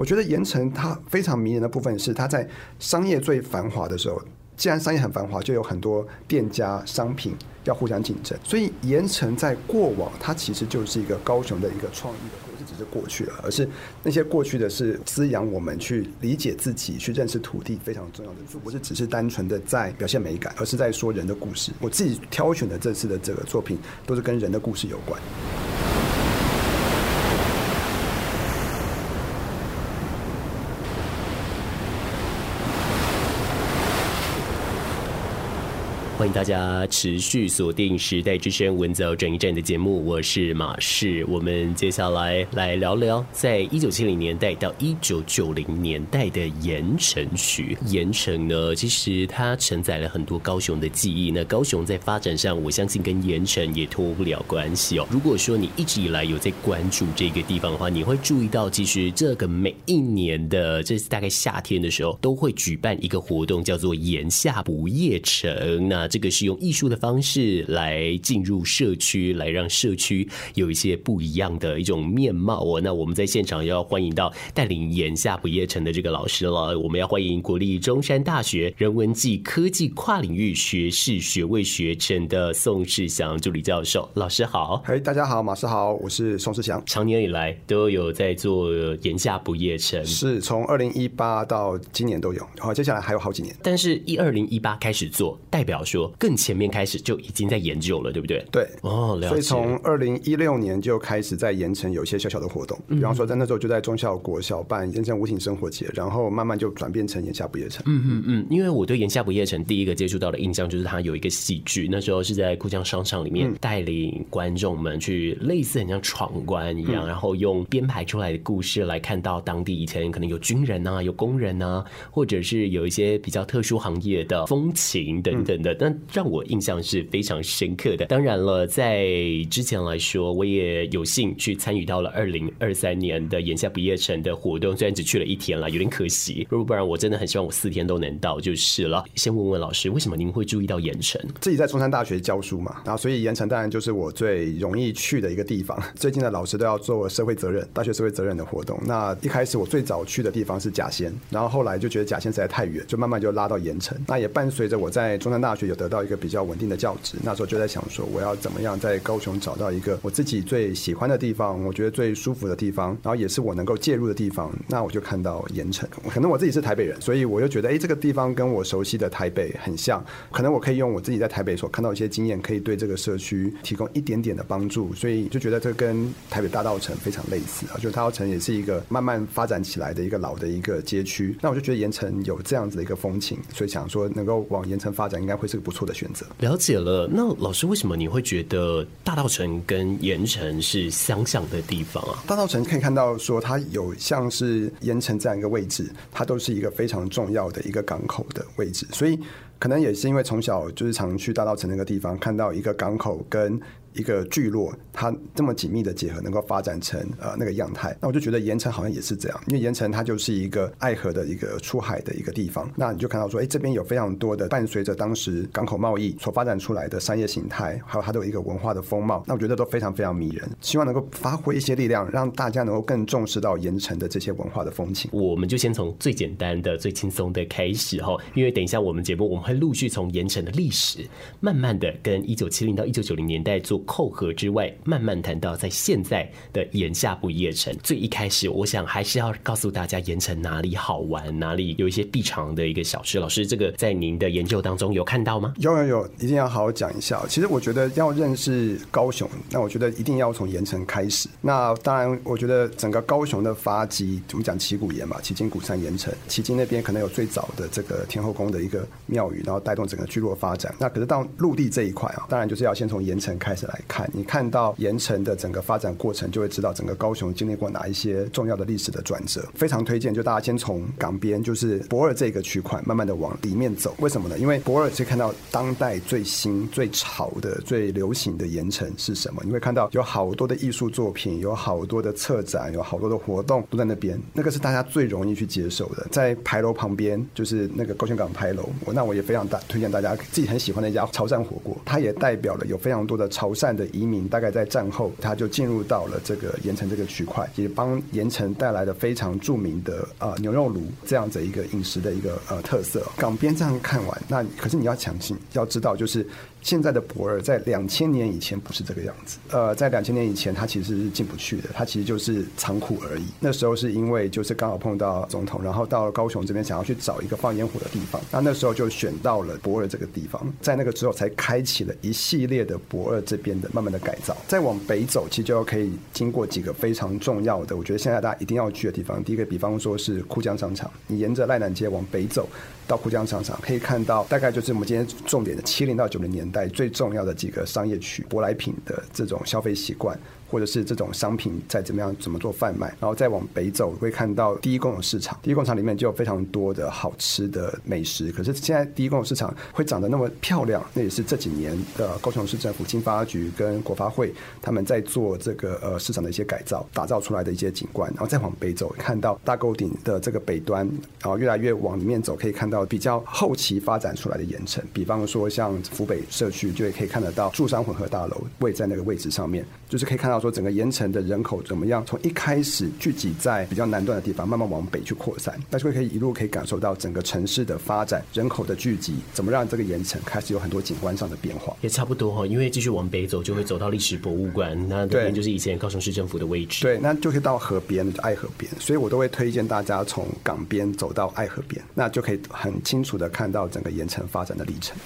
我覺得鹽埕它非常迷人的部分是，它在商業最繁華的時候，既然商業很繁華，就有很多店家、商品要互相競爭。所以鹽埕在過往，它其實就是一個高雄的一個創意的故事，不是只是過去了，而是那些過去的是滋養我們去理解自己、去認識土地非常重要的。就不是只是單純的在表現美感，而是在說人的故事。我自己挑選的這次的這個作品，都是跟人的故事有關。歡迎大家持續鎖定《時代之聲》文藻轉譯站的節目，我是馬世。我們接下來來聊聊，在一九七零年代到一九九零年代的鹽埕區。鹽埕呢，其實它承載了很多高雄的記憶。那高雄在發展上，我相信跟鹽埕也脫不了關係哦。如果說你一直以來有在關注這個地方的話，你會注意到，其實這個每一年的，這是大概夏天的時候，都會舉辦一個活動，叫做“鹽夏不夜埕”。那這個是用藝術的方式來進入社區，來讓社區有一些不一樣的一種面貌哦。那我們在現場要歡迎到帶領“鹽夏不夜埕”的這個老師了，我們要歡迎國立中山大學人文暨科技跨領域學士學位學程的宋世祥助理教授，老師好。哎，大家好，馬師好，我是宋世祥，長年以來都有在做“鹽夏不夜埕”。是從二零一八到今年都有，好，接下來還有好幾年，但是一二零一八開始做代表說更前面開始就已經在研究了，對不對？對哦，了解，所以從二零一六年就開始在鹽埕有一些小小的活動，嗯，比方說在那時候就在忠孝國小辦鹽埕無形生活節，然後慢慢就轉變成鹽夏不夜埕。嗯嗯嗯，因為我對鹽夏不夜埕第一個接觸到的印象就是它有一個戲劇，那時候是在堀江商場裡面帶領觀眾們去類似很像闖關一樣，嗯、然後用編排出來的故事來看到當地以前可能有軍人啊、有工人啊，或者是有一些比較特殊行業的風情等等的，但、嗯讓我印象是非常深刻的。當然了，在之前來說，我也有幸去參與到了二零二三年的鹽夏不夜埕的活動，雖然只去了一天了，有點可惜。如果不然，我真的很希望我四天都能到就是了。先問問老師，為什麼您會注意到鹽埕？自己在中山大學教書嘛，然、啊、後所以鹽埕當然就是我最容易去的一個地方。最近的老師都要做社會責任、大學社會責任的活動。那一開始我最早去的地方是甲仙，然後後來就覺得甲仙實在太遠，就慢慢就拉到鹽埕。那也伴隨着我在中山大學有。得到一個比較穩定的教職，那時候就在想說，我要怎麼樣在高雄找到一個我自己最喜歡的地方，我覺得最舒服的地方，然後也是我能夠介入的地方。那我就看到鹽埕，可能我自己是台北人，所以我就覺得，哎，這個地方跟我熟悉的台北很像，可能我可以用我自己在台北所看到一些經驗，可以對這個社區提供一點點的幫助，所以就覺得這跟台北大稻埕非常類似啊，就大稻埕也是一個慢慢發展起來的一個老的一個街區。那我就覺得鹽埕有這樣子的一個風情，所以想說能夠往鹽埕發展，應該會是個。不錯的選擇，了解了。那老師，為什麼你會覺得大稻埕跟鹽埕是相像的地方啊？大稻埕可以看到，說它有像是鹽埕這樣一個位置，它都是一個非常重要的一個港口的位置，所以。可能也是因為從小就是常去大稻埕那個地方，看到一個港口跟一個聚落，它這麼緊密的結合，能夠發展成呃那個樣態。那我就覺得鹽埕好像也是這樣，因為鹽埕它就是一個愛河的一個出海的一個地方。那你就看到說，哎、欸，這邊有非常多的伴隨着當時港口貿易所發展出來的商業形態，還有它的一個文化的風貌。那我覺得都非常非常迷人。希望能夠發揮一些力量，讓大家能夠更重視到鹽埕的這些文化的風情。我們就先從最簡單的、最輕鬆的開始哈，因為等一下我們節目我們。陸續從鹽埕的歷史，慢慢的跟一九七零到一九九零年代做扣合之外，慢慢談到在現在的鹽夏不夜埕。最一開始，我想還是要告訴大家鹽埕哪裡好玩，哪裡有一些必嘗的一個小吃。老師，這個在您的研究當中有看到嗎？有有有，一定要好好講一下。其實我覺得要認識高雄，那我覺得一定要從鹽埕開始。那當然，我覺得整個高雄的發跡，怎麼講，旗鼓鹽嘛，旗津、鼓山、鹽埕，旗津那邊可能有最早的這個天後宮的一個廟宇。然後帶動整個聚落發展。那可是到陸地這一塊啊，當然就是要先從鹽埕開始來看。你看到鹽埕的整個發展過程，就會知道整個高雄經歷過哪一些重要的歷史的轉折。非常推薦，就大家先從港邊，就是駁二這個區塊，慢慢的往裡面走。為什麼呢？因為駁二可以看到當代最新、最潮的、最流行的鹽埕是什麼？你會看到有好多的藝術作品，有好多的策展，有好多的活動都在那邊。那個是大家最容易去接受的。在牌樓旁邊，就是那個高雄港牌樓。我那我也。非常大，推薦大家自己很喜歡的一家潮汕火鍋，它也代表了有非常多的潮汕的移民，大概在戰後，它就進入到了這個鹽埕這個區塊，也幫鹽埕帶來了非常著名的啊、呃、牛肉爐這樣子一個飲食的一個呃特色。港邊這樣看完，那可是你要強行要知道就是。現在的駁二在兩千年以前不是這個樣子，呃，在兩千年以前它其實是進不去的，它其實就是倉庫而已。那時候是因為就是剛好碰到總統，然後到了高雄這邊想要去找一個放煙火的地方，那那時候就選到了駁二這個地方，在那個時候才開啟了一系列的駁二這邊的慢慢的改造。再往北走，其實就可以經過幾個非常重要的，我覺得現在大家一定要去的地方。第一個，比方說是堀江商場，你沿着瀨南街往北走到堀江商場，可以看到大概就是我們今天重點的七零到九零年。帶最重要的幾個商業區，舶來品的這種消費習慣。或者是這種商品在怎麼樣怎麼做販賣，然後再往北走會看到第一公有市場。第一公有市場裡面就有非常多的好吃的美食。可是現在第一公有市場會長得那麼漂亮，那也是這幾年的、呃、高雄市政府、經發局跟國發會他們在做這個呃市場的一些改造，打造出來的一些景觀。然後再往北走，看到大溝頂的這個北端，然後越來越往裡面走，可以看到比較後期發展出來的鹽埕。比方說像福北社區，就也可以看得到住商混合大樓位在那個位置上面，就是可以看到。說整個鹽埕的人口怎麼樣？從一開始聚集在比較南端的地方，慢慢往北去擴散，大家會可以一路可以感受到整個城市的發展、人口的聚集，怎麼讓這個鹽埕開始有很多景觀上的變化，也差不多哈。因為繼續往北走，就會走到歷史博物館，那對就是以前高雄市政府的位置。對，對那就是到河邊、就愛河邊，所以我都會推薦大家從港邊走到愛河邊，那就可以很清楚的看到整個鹽埕發展的歷程。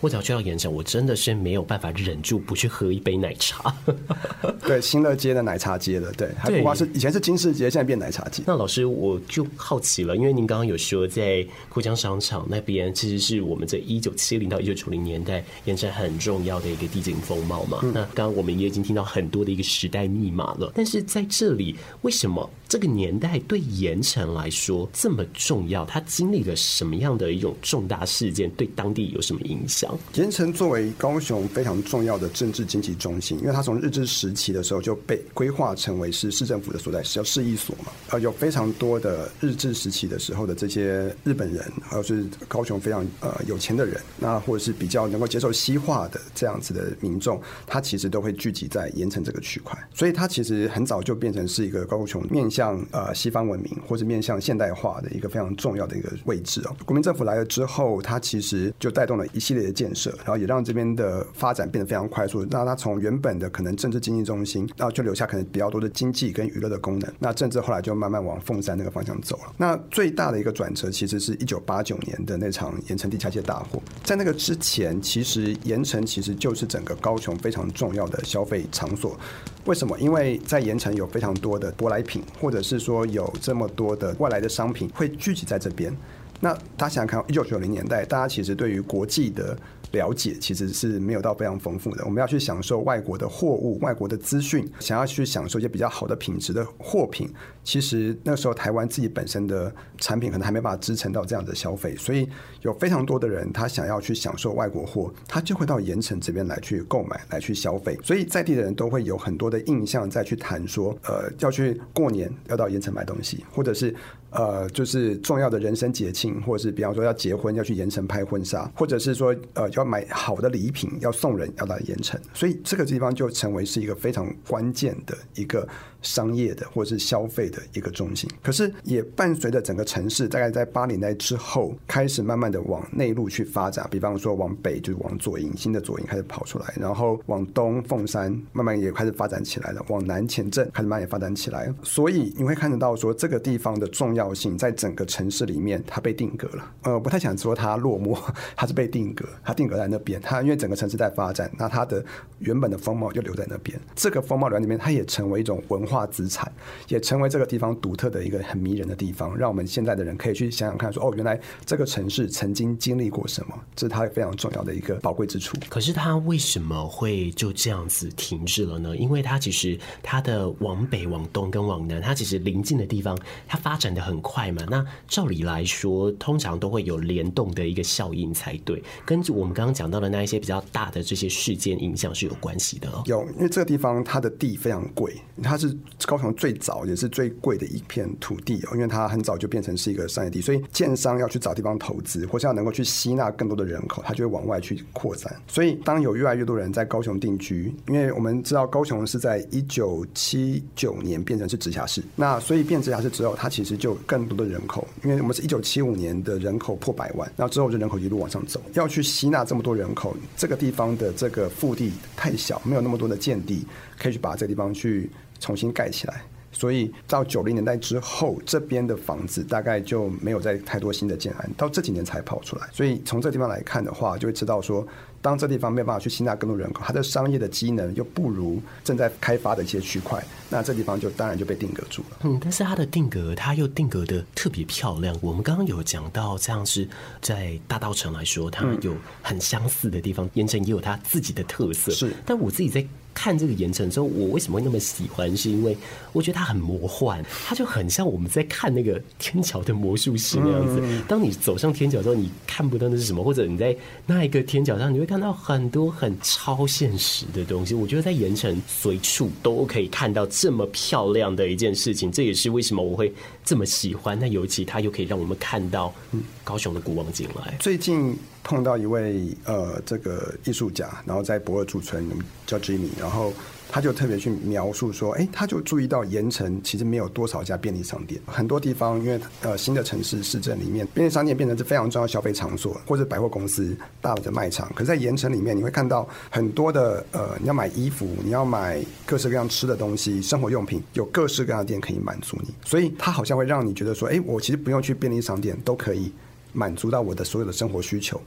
我只要去到鹽埕，我真的是沒有辦法忍住不去喝一杯奶茶。 對，新樂街的奶茶街的，對，它不光是以前是金飾街，現在變奶茶街。那老師，我就好奇了，因為您剛剛有說，在堀江商場那邊，其實是我們在一九七零到一九九零年代鹽埕很重要的一個地景風貌嘛。嗯、那剛剛我們也已經聽到很多的一個時代密碼了，但是在這裡，為什麼？這個年代對鹽埕來說這麼重要，他經歷了什麼樣的一種重大事件，對當地有什麼影響？鹽埕作為高雄非常重要的政治經濟中心，因為它從日治時期的時候就被規劃成為是市政府的所在，叫市役所嘛。呃，有非常多的日治時期的時候的這些日本人，還有是高雄非常呃有錢的人，那或者是比較能夠接受西化的這樣子的民眾，他其實都會聚集在鹽埕這個區塊，所以他其實很早就變成是一個高雄面向。像呃西方文明或者面向現代化的一個非常重要的一個位置哦。國民政府來了之後，它其實就帶動了一系列的建設，然後也讓這邊的發展變得非常快速，那它從原本的可能政治經濟中心，然後就留下可能比較多的經濟跟娛樂的功能。那政治後來就慢慢往鳳山那個方向走了。那最大的一個轉折其實是一九八九年的那場鹽埕地下街大火。在那個之前，其實鹽埕其實就是整個高雄非常重要的消費場所。為什麼？因為在鹽埕有非常多的舶來品或或者是說，有這麼多的外來的商品會聚集在這邊。那大家想想看，一九九零年代，大家其實對於國際的了解其實是沒有到非常豐富的。我們要去享受外國的貨物、外國的資訊，想要去享受一些比較好的品質的貨品，其實那時候台灣自己本身的產品可能還沒辦法支撐到這樣的消費。所以有非常多的人，他想要去享受外國貨，他就會到鹽埕這邊來去購買、來去消費。所以在地的人都會有很多的印象，再去談說，呃，要去過年要到鹽埕買東西，或者是呃，就是重要的人生節慶。或者是比方說要結婚，要去鹽埕拍婚紗，或者是說呃，要買好的禮品要送人，要到鹽埕，所以這個地方就成為是一個非常關鍵的一個。商業的或者是消費的一個中心，可是也伴隨着整個城市，大概在八零年代之後開始慢慢的往內陸去發展。比方說往北就是往左營，新的左營開始跑出來，然後往東鳳山慢慢也開始發展起來了，往南前鎮開始慢慢也發展起來。所以你會看得到說這個地方的重要性在整個城市裡面它被定格了。呃，不太想說它落寞，它是被定格，它定格在那邊。它因為整個城市在發展，那它的原本的風貌就留在那邊。這個風貌裡面它也成為一種文。化資產也成為這個地方獨特的一個很迷人的地方，讓我們現在的人可以去想想看說，說哦，原來這個城市曾經經歷過什麼，這是它非常重要的一個寶貴之處。可是它為什麼會就這樣子停滯了呢？因為它其實它的往北、往東跟往南，它其實臨近的地方它發展的很快嘛。那照理來說，通常都會有聯動的一個效應才對，跟我們剛剛講到的那一些比較大的這些事件影響是有關係的哦。有，因為這個地方它的地非常貴，它是。高雄最早也是最貴的一片土地哦、喔，因為它很早就變成是一個商業地，所以建商要去找地方投資，或是要能夠去吸納更多的人口，它就會往外去擴展。所以，當有越來越多人在高雄定居，因為我們知道高雄是在一九七九年變成是直轄市，那所以變直轄市之後，它其實就有更多的人口，因為我們是一九七五年的人口破百萬，那之後就人口一路往上走，要去吸納這麼多人口，這個地方的這個腹地太小，沒有那麼多的建地可以去把這個地方去重新蓋起來，所以到九零年代之後，這邊的房子大概就沒有再太多新的建案，到這幾年才跑出來。所以從這地方來看的話，就會知道說，當這地方沒辦法去吸納更多人口，它的商業的機能又不如正在開發的一些區塊，那這地方就當然就被定格住了。嗯，但是它的定格，它又定格得特別漂亮。我們剛剛有講到，像是在大稻埕來說，它們有很相似的地方，鹽、嗯、埕也有它自己的特色。是，但我自己在。看這個鹽埕之後，我為什麼會那麼喜歡？是因為我覺得它很魔幻，它就很像我們在看那個天橋的魔術師那樣子。當你走上天橋之後，你看不到那是什麼，或者你在那一個天橋上，你會看到很多很超現實的東西。我覺得在鹽埕隨處都可以看到這麼漂亮的一件事情，這也是為什麼我會。這麼喜歡，那尤其他又可以讓我們看到、嗯、高雄的古往今來。最近碰到一位呃，這個藝術家，然後在駁二駐村叫吉米，然後。他就特別去描述說，誒、欸，他就注意到鹽埕其實沒有多少家便利商店，很多地方因為呃新的城市市政裡面，便利商店變成是非常重要的消費場所或者百貨公司大的賣場。可是在鹽埕裡面，你會看到很多的呃，你要買衣服，你要買各式各樣吃的東西，生活用品，有各式各樣的店可以滿足你，所以他好像會讓你覺得說，誒、欸，我其實不用去便利商店都可以滿足到我的所有的生活需求。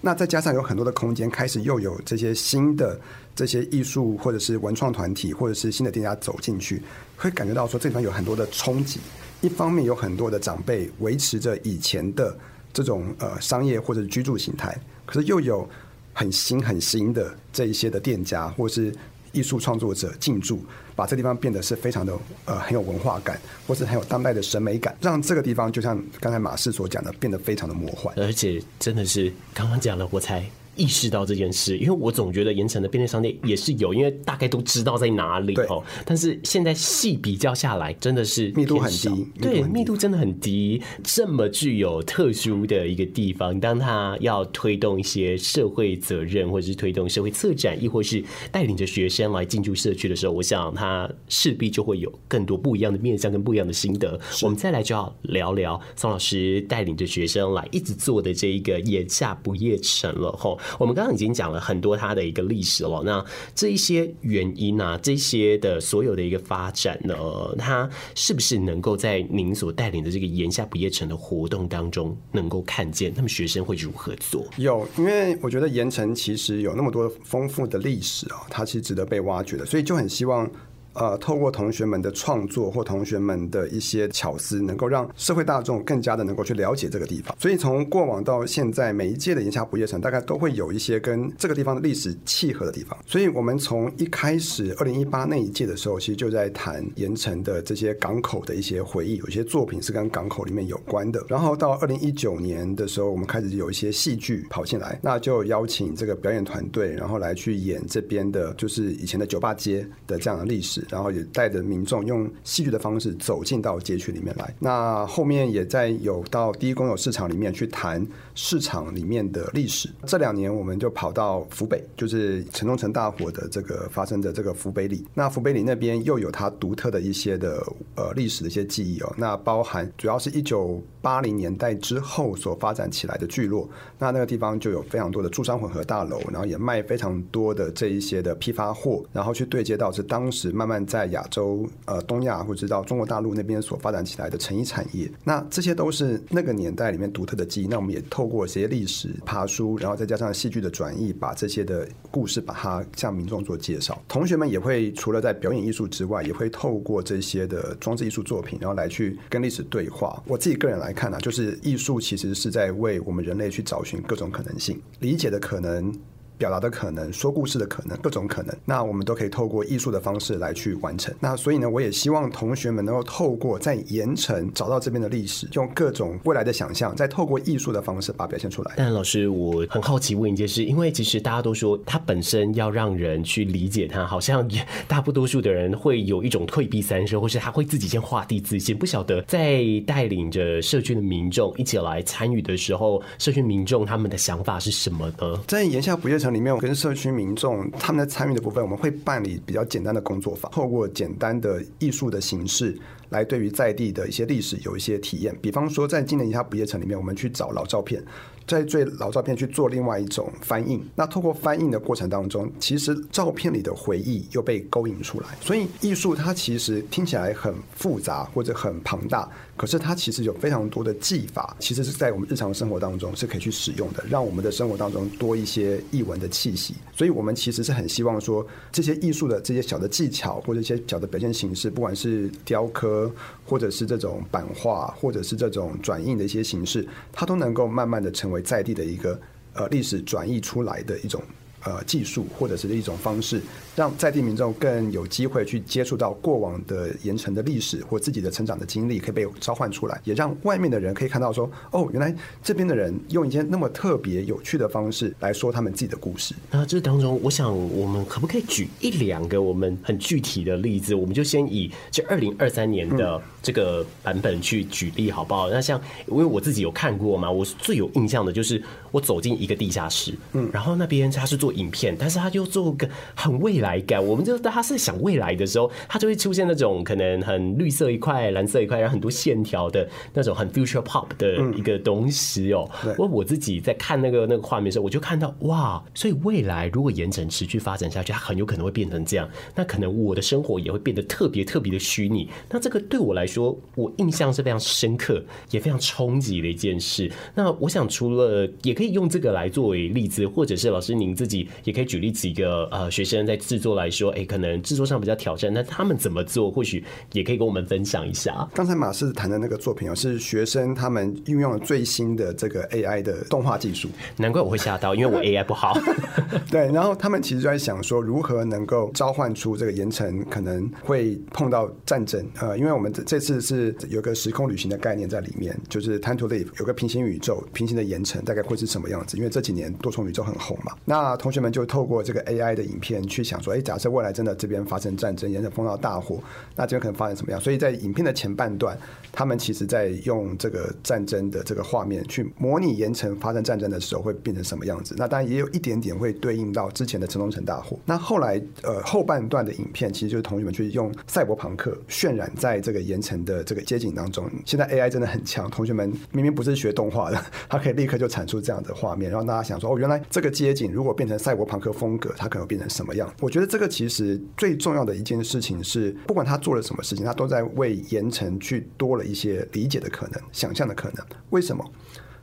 那再加上有很多的空間，開始又有這些新的這些藝術或者是文創團體，或者是新的店家走進去，會感覺到說這裡面有很多的衝擊。一方面有很多的長輩維持着以前的這種呃商業或者居住形態，可是又有很新很新的這一些的店家或是。藝術創作者進駐，把這地方變得是非常的呃，很有文化感，或是很有當代的審美感，讓這個地方就像剛才馬氏所講的，變得非常的魔幻，而且真的是剛剛講的我猜。意識到這件事，因為我總覺得鹽埕的便利商店也是有，因為大概都知道在哪裡，對，但是現在細比較下來，真的是密度，密度很低，對，密度真的很低。這麼具有特殊的一個地方，當他要推動一些社會責任，或者是推動社會策展，亦或是帶領着學生來進駐社區的時候，我想他勢必就會有更多不一樣的面向跟不一樣的心得。我們再來就要聊聊宋老師帶領着學生來一直做的這一個“鹽夏不夜埕”了，吼。我們剛剛已經講了很多它的一個歷史了哦，那這一些原因啊，這些的所有的一個發展呢，它是不是能夠在您所帶領的這個鹽夏不夜埕的活動當中能夠看見？他們學生會如何做？有，因為我覺得鹽埕其實有那麼多豐富的歷史哦，它其實值得被挖掘的，所以就很希望。呃，透過同學們的創作或同學們的一些巧思，能夠讓社會大眾更加的能夠去了解這個地方。所以從過往到現在，每一屆的鹽夏不夜埕大概都會有一些跟這個地方的歷史契合的地方。所以我們從一開始二零一八那一屆的時候，其實就在談鹽埕的這些港口的一些回憶，有些作品是跟港口裡面有關的。然後到二零一九年的時候，我們開始有一些戲劇跑進來，那就邀請這個表演團隊，然後來去演這邊的就是以前的酒吧街的這樣的歷史。然後也帶着民眾用戲劇的方式走進到街區裡面來。那後面也在有到第一公有市場裡面去談。市場裡面的歷史，這兩年我們就跑到福北，就是城中城大火的這個發生的這個福北里。那福北里那邊又有它獨特的一些的呃歷史的一些記憶哦。那包含主要是一九八零年代之後所發展起來的聚落，那那個地方就有非常多的住商混合大樓，然後也賣非常多的這一些的批發貨，然後去對接到是當時慢慢在亞洲呃東亞或者到中國大陸那邊所發展起來的成衣產業。那這些都是那個年代裡面獨特的記憶。那我們也透。過這些歷史爬梳，然後再加上戲劇的轉譯，把這些的故事把它向民眾做介紹。同學們也會除了在表演藝術之外，也會透過這些的裝置藝術作品，然後來去跟歷史對話。我自己個人來看呢、啊，就是藝術其實是在為我們人類去找尋各種可能性，理解的可能。表達的可能，說故事的可能，各種可能，那我們都可以透過藝術的方式來去完成。那所以呢，我也希望同學們能夠透過在鹽埕找到這邊的歷史，用各種未來的想象，再透過藝術的方式把它表現出來。但老師，我很好奇問一件事，因為其實大家都說它本身要讓人去理解它，好像也大多數的人會有一種退避三舍，或是他會自己先畫地自限，不曉得在帶領着社區的民眾一起來參與的時候，社區民眾他們的想法是什麼呢？在鹽夏不夜埕裡面我跟社區民眾他們在參與的部分，我們會辦理比較簡單的工作坊，透過簡單的藝術的形式，來對於在地的一些歷史有一些體驗。比方說，在今年鹽夏不夜埕裡面，我們去找老照片。在最老照片去做另外一種翻印，那透過翻印的過程當中，其實照片裡的回憶又被勾引出來。所以藝術它其實聽起來很複雜或者很龐大，可是它其實有非常多的技法，其實是在我們日常生活當中是可以去使用的，讓我們的生活當中多一些藝文的氣息。所以我們其實是很希望說，這些藝術的這些小的技巧或者一些小的表現形式，不管是雕刻或者是這種版畫，或者是這種轉印的一些形式，它都能夠慢慢的成為。在地的一個呃歷史轉譯出來的一種呃技術，或者是一種方式。讓在地民眾更有機會去接觸到過往的鹽埕的歷史，或自己的成長的經歷，可以被召喚出來，也讓外面的人可以看到說哦，原來這邊的人用一件那麼特別有趣的方式來說他們自己的故事。那這當中，我想我們可不可以舉一兩個我們很具體的例子？我們就先以這二零二三年的這個版本去舉例好不好？那像因為我自己有看過嘛，我最有印象的就是我走進一個地下室，嗯，然後那邊他是做影片，但是他就做個很為來感，我們就當他是想未來的時候，他就會出現那種可能很綠色一塊、藍色一塊，然後很多線條的那種很 future pop 的一個東西哦。我、嗯、我自己在看那個那個畫面的時候，我就看到哇，所以未來如果延展持續發展下去，它很有可能會變成這樣。那可能我的生活也會變得特別特別的虛擬。那這個對我來說，我印象是非常深刻，也非常衝擊的一件事。那我想除了也可以用這個來作為例子，或者是老師您自己也可以舉例幾個呃學生在。製作來說，哎、欸，可能制作上比較挑戰，但他們怎麼做？或許也可以跟我們分享一下。剛才馬氏談的那個作品哦，是學生他們運用了最新的這個 AI 的動畫技術，難怪我會嚇到，因為我 AI 不好。 對，然後他們其實就在想說，如何能夠召喚出這個鹽埕，可能會碰到戰爭。呃，因為我們這這次是有個時空旅行的概念在裡面，就是探討的有個平行宇宙，平行的鹽埕大概會是什麼樣子？因為這幾年多重宇宙很紅嘛。那同學們就透過這個 AI 的影片去想。所以假設未來真的這邊發生戰爭，鹽埕碰到大火，那這邊可能發生什麼樣？所以在影片的前半段，他們其實在用這個戰爭的這個畫面，去模擬鹽埕發生戰爭的時候會變成什麼樣子。那當然也有一點點會對應到之前的城中城大火。那後來呃後半段的影片，其實就是同學們去用賽博朋克渲染在這個鹽埕的這個街景當中。現在 AI 真的很強，同學們明明不是學動畫的， 他可以立刻就產出這樣的畫面，然後大家想說，哦，原來這個街景如果變成賽博朋克風格，它可能變成什麼樣？我覺得這個其實最重要的一件事情是，不管他做了什麼事情，他都在為鹽埕去多了一些理解的可能、想象的可能。為什麼？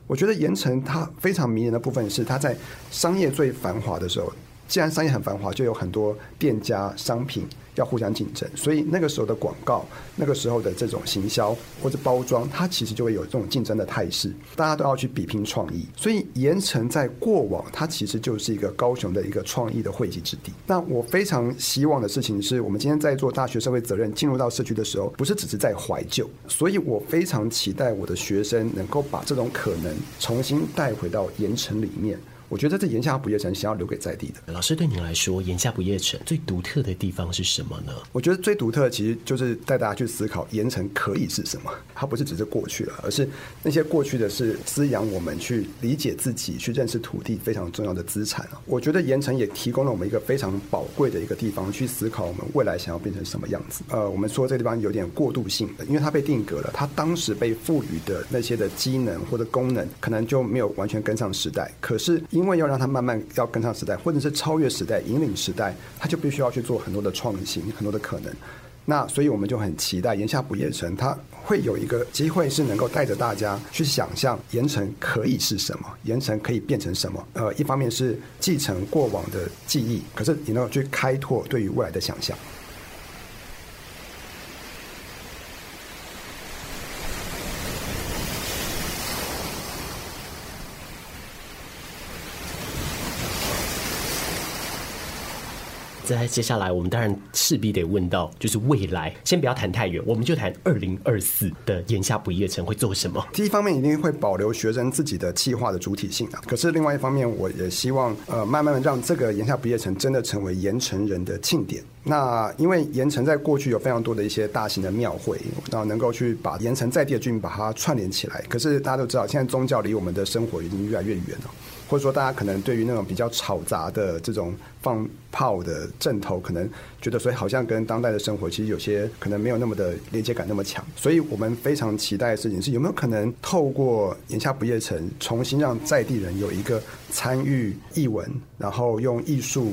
我覺得鹽埕它非常迷人的部分是，它在商業最繁華的時候，既然商業很繁華，就有很多店家、商品，要互相競爭，所以那個時候的廣告，那個時候的這種行銷或者包裝，它其實就會有這種競爭的態勢，大家都要去比拼創意。所以，鹽埕在過往，它其實就是一個高雄的一個創意的匯集之地。那我非常希望的事情是，我們今天在做大學社會責任進入到社區的時候，不是只是在懷舊，所以我非常期待我的學生能夠把這種可能重新帶回到鹽埕裡面。我覺得這「鹽夏不夜埕」想要留給在地的老師，對你來說，「鹽夏不夜埕」最獨特的地方是什麼呢？我覺得最獨特其實就是帶大家去思考鹽埕可以是什麼，它不是只是過去了，而是那些過去的是滋養我們去理解自己、去認識土地非常重要的資產。我覺得鹽埕也提供了我們一個非常寶貴的一個地方，去思考我們未來想要變成什麼樣子。呃，我們說這地方有點過渡性的，因為它被定格了，它當時被賦予的那些的機能或者功能，可能就沒有完全跟上時代，可是，因為要讓它慢慢要跟上時代，或者是超越時代、引領時代，它就必須要去做很多的創新、很多的可能。那所以我們就很期待，鹽夏不夜埕它會有一個機會，是能夠帶着大家去想象鹽埕可以是什麼，鹽埕可以變成什麼。呃，一方面是繼承過往的記憶，可是你能去開拓對於未來的想象。在接下來，我們當然勢必得問到，就是未來。先不要談太遠，我們就談二零二四的鹽夏不夜埕會做什麼。第一方面一定會保留學生自己的計劃的主體性啊，可是另外一方面，我也希望呃，慢慢的讓這個鹽夏不夜埕真的成為鹽埕人的慶典。那因為鹽埕在過去有非常多的一些大型的廟會，然後能夠去把鹽埕在地的居民把它串聯起來。可是大家都知道，現在宗教離我們的生活已經越來越遠了。或者說，大家可能對於那種比較吵雜的這種放炮的陣頭，可能覺得，所以好像跟當代的生活其實有些可能沒有那麼的連接感那麼強。所以我們非常期待的事情是，有沒有可能透過《鹽夏不夜埕》重新讓在地人有一個參與藝文，然後用藝術。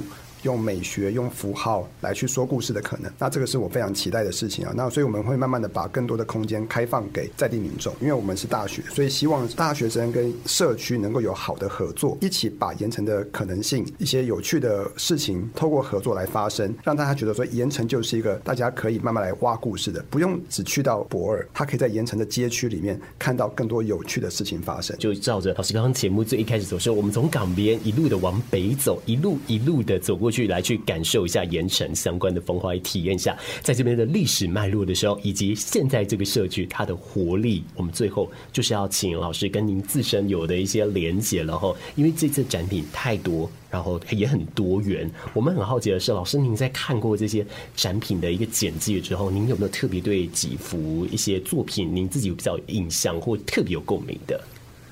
用美學、用符號來去說故事的可能，那這個是我非常期待的事情啊。那所以我們會慢慢的把更多的空間開放給在地民眾，因為我們是大學，所以希望大學生跟社區能夠有好的合作，一起把鹽埕的可能性、一些有趣的事情，透過合作來發生，讓大家覺得說鹽埕就是一個大家可以慢慢來挖故事的，不用只去到駁二，他可以在鹽埕的街區裡面看到更多有趣的事情發生。就照着老師剛剛節目最一開始所說，我們從港邊一路的往北走，一路一路的走過去。去來去感受一下鹽埕相關的風華，體驗一下在這邊的歷史脈絡的時候，以及現在這個社區它的活力。我們最後就是要請老師跟您自身有的一些連接了，然後因為這次展品太多，然後也很多元。我們很好奇的是，老師您在看過這些展品的一個簡介之後，您有沒有特別對幾幅一些作品，您自己有比較有印象或特別有共鳴的？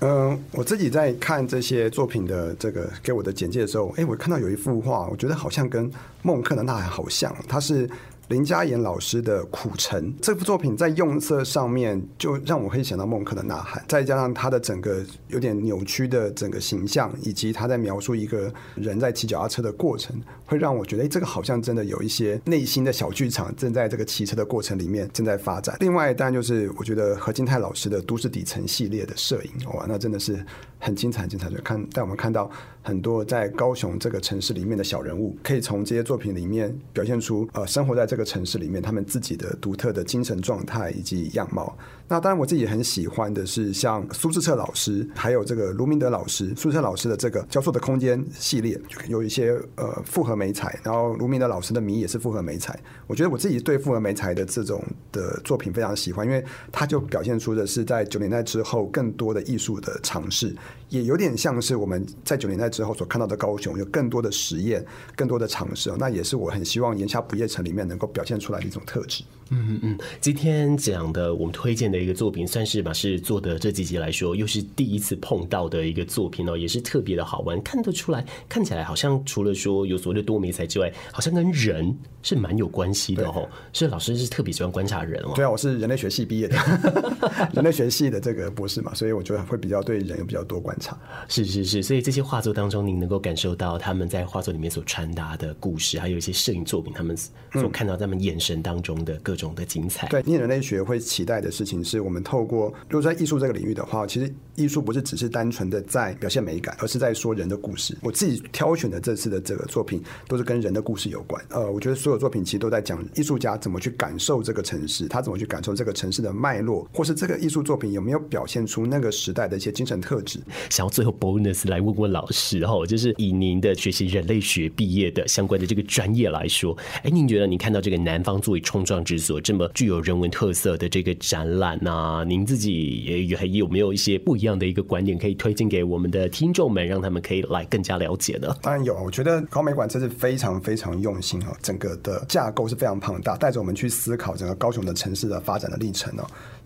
嗯，我自己在看這些作品的這個給我的簡介的時候，哎、欸，我看到有一幅畫，我覺得好像跟孟克的《吶喊》好像，它是。林嘉言老師的《苦城》這部作品在用色上面就讓我可以想到孟克的《吶喊》，再加上他的整個有點扭曲的整個形象，以及他在描述一個人在騎腳踏車的過程，會讓我覺得，哎，這個好像真的有一些內心的小劇場正在這個騎車的過程裡面正在發展。另外一單就是我覺得何經泰老師的《都市底層》系列的攝影，哇，那真的是很精彩很精彩，就看但我們看到很多在高雄這個城市裡面的小人物，可以從這些作品裡面表現出呃生活在這個。城市裡面，他們自己的獨特的精神狀態以及樣貌。那當然，我自己也很喜歡的是像蘇志徹老師，還有這個盧明德老師。蘇志徹老師的這個教授的空間系列，有一些呃複合媒材。然後盧明德老師的米也是複合媒材。我覺得我自己對複合媒材的這種的作品非常喜歡，因為他就表現出的是在九十年代之後更多的藝術的嘗試，也有點像是我們在九十年代之後所看到的高雄，有更多的實驗，更多的嘗試。那也是我很希望《鹽夏不夜埕》裡面能。表現出來的一種特質。嗯嗯嗯，今天講的、我們推薦的一個作品，算是嘛，是做的這幾集來說，又是第一次碰到的一個作品哦，也是特別的好玩。看得出來，看起來好像除了說有所謂的多媒材之外，好像跟人是蠻有關係的哦。所以老師是特別喜歡觀察人哦？對啊，我是人類學系畢業的， 人類學系的這個博士嘛，所以我覺得會比較對人有比較多觀察。是是是，所以這些畫作當中，你能夠感受到他們在畫作裡面所傳達的故事，還有一些攝影作品，他們所看到，嗯。他們眼神當中的各種的精彩。對，念人類學會期待的事情是我們透過，如果在藝術這個領域的話，其實藝術不是只是單純的在表現美感，而是在說人的故事。我自己挑選的這次的這個作品，都是跟人的故事有關。呃，我覺得所有作品其實都在講藝術家怎麼去感受這個城市，他怎麼去感受這個城市的脈絡，或是這個藝術作品有沒有表現出那個時代的一些精神特質。想要最後 bonus 來問問老師，哈，就是以您的學習人類學畢業的相關的這個專業來說，哎、欸，您覺得您看到？這個南方作為衝撞之所，這麼具有人文特色的這個展覽吶、啊。您自己也還有沒有一些不一樣的一個觀點可以推薦給我們的聽眾們，讓他們可以來更加了解呢？當然有，我覺得高美館真的是非常非常用心哦，整個的架構是非常龐大，帶着我們去思考整個高雄的城市的發展的歷程呢。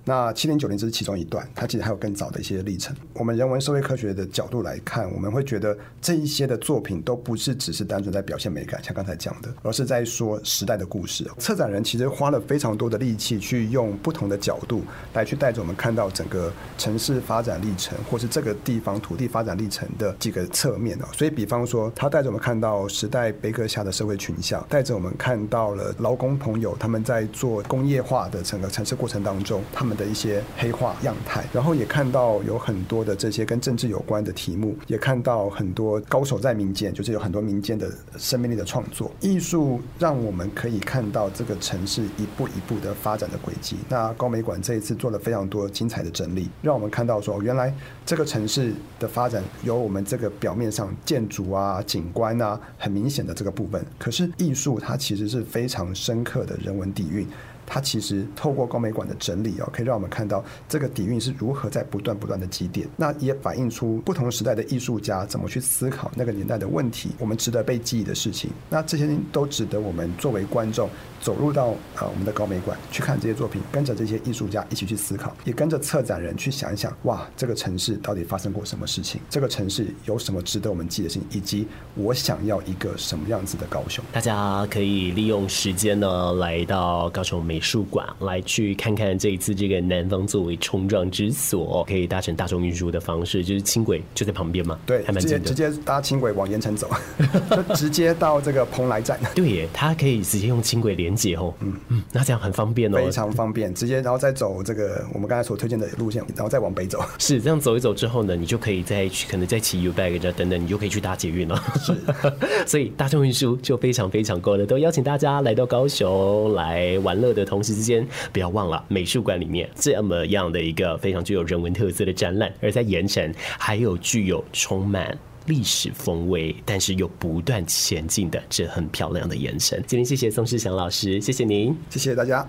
那七零九零只是其中一段，它其實還有更早的一些歷程。我們人文社會科學的角度來看，我們會覺得這一些的作品都不是只是單純在表現美感，像剛才講的，而是在說時代的故事。策展人其實花了非常多的力氣，去用不同的角度來去帶着我們看到整個城市發展歷程，或是這個地方土地發展歷程的幾個側面啊。所以，比方說，他帶着我們看到時代背景下的社會群像，帶着我們看到了勞工朋友他們在做工業化的整個城市過程當中，他們。的一些黑化樣態，然後也看到有很多的這些跟政治有關的題目，也看到很多高手在民間，就是有很多民間的生命力的創作。藝術讓我們可以看到這個城市一步一步的發展的軌跡。那高美館這一次做了非常多精彩的整理，讓我們看到說，原來這個城市的發展有我們這個表面上建築啊、景觀啊很明顯的這個部分，可是藝術它其實是非常深刻的人文底蘊。它其實透過高美館的整理哦，可以讓我們看到這個底蘊是如何在不斷不斷的積澱。那也反映出不同時代的藝術家怎麼去思考那個年代的問題，我們值得被記憶的事情。那這些都值得我們作為觀眾。走入到啊、呃、我們的高美館去看這些作品，跟着這些藝術家一起去思考，也跟着策展人去想一想，哇，這個城市到底發生過什麼事情？這個城市有什麼值得我們記得的事情？以及我想要一個什麼樣子的高雄？大家可以利用時間呢，來到高雄美術館來去看看這一次這個南方作為衝撞之所，可以搭乘大眾運輸的方式，就是輕軌就在旁邊嘛。對，還蠻近的。直接搭輕軌往鹽埕走， 直接到這個蓬萊站。對耶，它可以直接用輕軌連。嗯嗯，那這樣很方便哦，非常方便，直接然後再走這個我們剛才所推薦的路線，然後再往北走，是這樣走一走之後呢，你就可以再去可能再騎 U bike，或等等，你就可以去搭捷運了。是 所以大眾運輸就非常非常夠了。都邀請大家來到高雄來玩樂的同時之間，不要忘了美術館裡面這麼樣的一個非常具有人文特色的展覽，而在鹽埕還有具有充滿。歷史風味，但是又不斷前進的這很漂亮的鹽埕。今天謝謝宋世祥老師，謝謝您，謝謝大家。